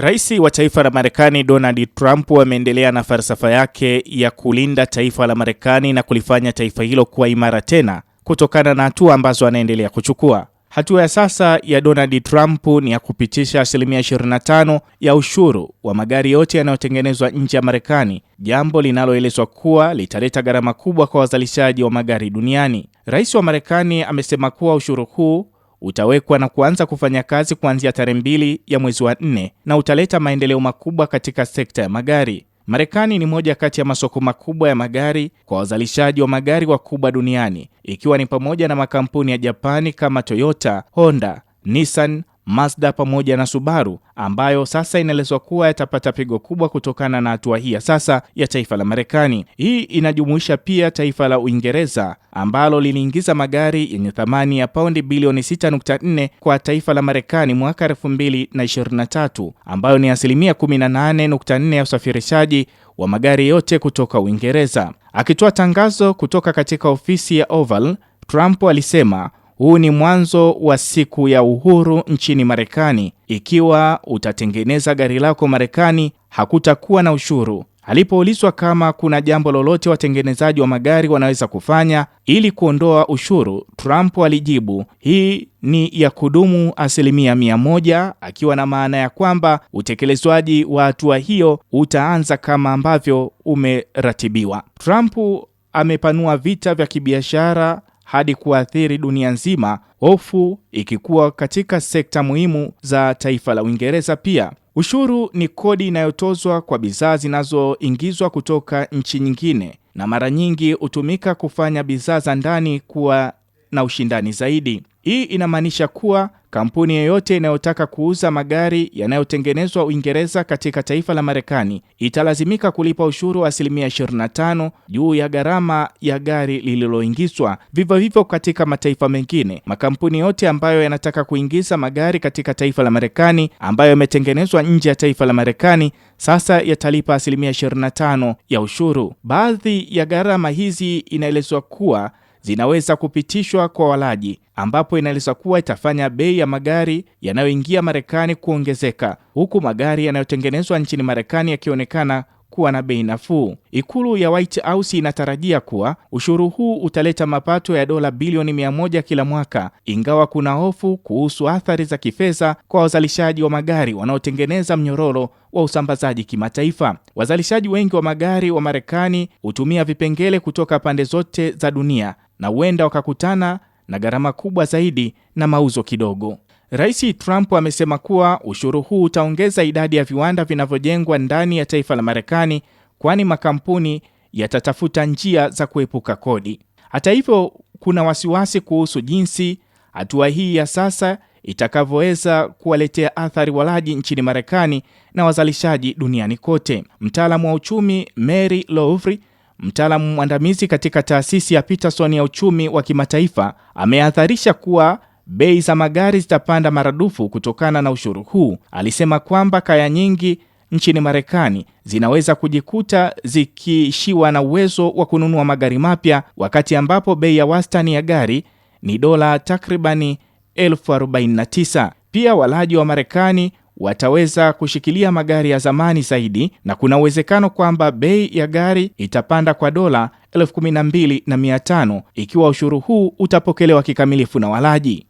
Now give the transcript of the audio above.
Rais wa taifa la Marekani Donald Trump ameendelea na falsafa yake ya kulinda taifa la Marekani na kulifanya taifa hilo kuwa imara tena kutokana na hatua ambazo anaendelea kuchukua. Hatua ya sasa ya Donald Trump ni ya kupitisha asilimia 25 ya ushuru wa magari yote yanayotengenezwa nje ya Marekani, jambo linaloelezwa kuwa litaleta gharama kubwa kwa wazalishaji wa magari duniani. Rais wa Marekani amesema kuwa ushuru huu utawekwa na kuanza kufanya kazi kuanzia tarehe mbili ya mwezi wa nne na utaleta maendeleo makubwa katika sekta ya magari. Marekani ni moja kati ya masoko makubwa ya magari kwa wazalishaji wa magari wakubwa duniani ikiwa ni pamoja na makampuni ya Japani kama Toyota, Honda, Nissan, Mazda pamoja na Subaru ambayo sasa inaelezwa kuwa yatapata pigo kubwa kutokana na hatua hii ya sasa ya taifa la Marekani. Hii inajumuisha pia taifa la Uingereza ambalo liliingiza magari yenye thamani ya paundi bilioni 6.4 kwa taifa la Marekani mwaka 2023 ambayo ni asilimia 18.4 ya usafirishaji wa magari yote kutoka Uingereza. Akitoa tangazo kutoka katika ofisi ya Oval, Trump alisema huu ni mwanzo wa siku ya uhuru nchini Marekani. Ikiwa utatengeneza gari lako Marekani, hakutakuwa na ushuru. Alipoulizwa kama kuna jambo lolote watengenezaji wa magari wanaweza kufanya ili kuondoa ushuru, Trump alijibu, hii ni ya kudumu asilimia mia moja, akiwa na maana ya kwamba utekelezwaji wa hatua hiyo utaanza kama ambavyo umeratibiwa. Trump amepanua vita vya kibiashara hadi kuathiri dunia nzima, hofu ikikuwa katika sekta muhimu za taifa la Uingereza pia. Ushuru ni kodi inayotozwa kwa bidhaa zinazoingizwa kutoka nchi nyingine na mara nyingi hutumika kufanya bidhaa za ndani kuwa na ushindani zaidi. Hii inamaanisha kuwa Kampuni yoyote inayotaka kuuza magari yanayotengenezwa Uingereza katika taifa la Marekani italazimika kulipa ushuru wa asilimia 25 juu ya gharama ya gari lililoingizwa. Vivyo hivyo katika mataifa mengine, makampuni yote ambayo yanataka kuingiza magari katika taifa la Marekani ambayo yametengenezwa nje ya taifa la Marekani sasa yatalipa asilimia 25 ya ushuru. Baadhi ya gharama hizi inaelezwa kuwa zinaweza kupitishwa kwa walaji, ambapo inaelezwa kuwa itafanya bei ya magari yanayoingia Marekani kuongezeka, huku magari yanayotengenezwa nchini Marekani yakionekana kuwa na bei nafuu. Ikulu ya White House inatarajia kuwa ushuru huu utaleta mapato ya dola bilioni 1 kila mwaka, ingawa kuna hofu kuhusu athari za kifedha kwa wazalishaji wa magari wanaotengeneza mnyororo wa usambazaji kimataifa. Wazalishaji wengi wa magari wa Marekani hutumia vipengele kutoka pande zote za dunia na huenda wakakutana na gharama kubwa zaidi na mauzo kidogo. Rais Trump amesema kuwa ushuru huu utaongeza idadi ya viwanda vinavyojengwa ndani ya taifa la Marekani, kwani makampuni yatatafuta njia za kuepuka kodi. Hata hivyo, kuna wasiwasi kuhusu jinsi hatua hii ya sasa itakavyoweza kuwaletea athari walaji nchini Marekani na wazalishaji duniani kote. Mtaalamu wa uchumi Mary Louvry mtaalamu mwandamizi katika taasisi ya Peterson ya uchumi wa kimataifa, ameatharisha kuwa bei za magari zitapanda maradufu kutokana na ushuru huu. Alisema kwamba kaya nyingi nchini Marekani zinaweza kujikuta zikiishiwa na uwezo wa kununua magari mapya wakati ambapo bei ya wastani ya gari ni dola takribani elfu Pia walaji wa Marekani wataweza kushikilia magari ya zamani zaidi na kuna uwezekano kwamba bei ya gari itapanda kwa dola 12,500 ikiwa ushuru huu utapokelewa kikamilifu na walaji.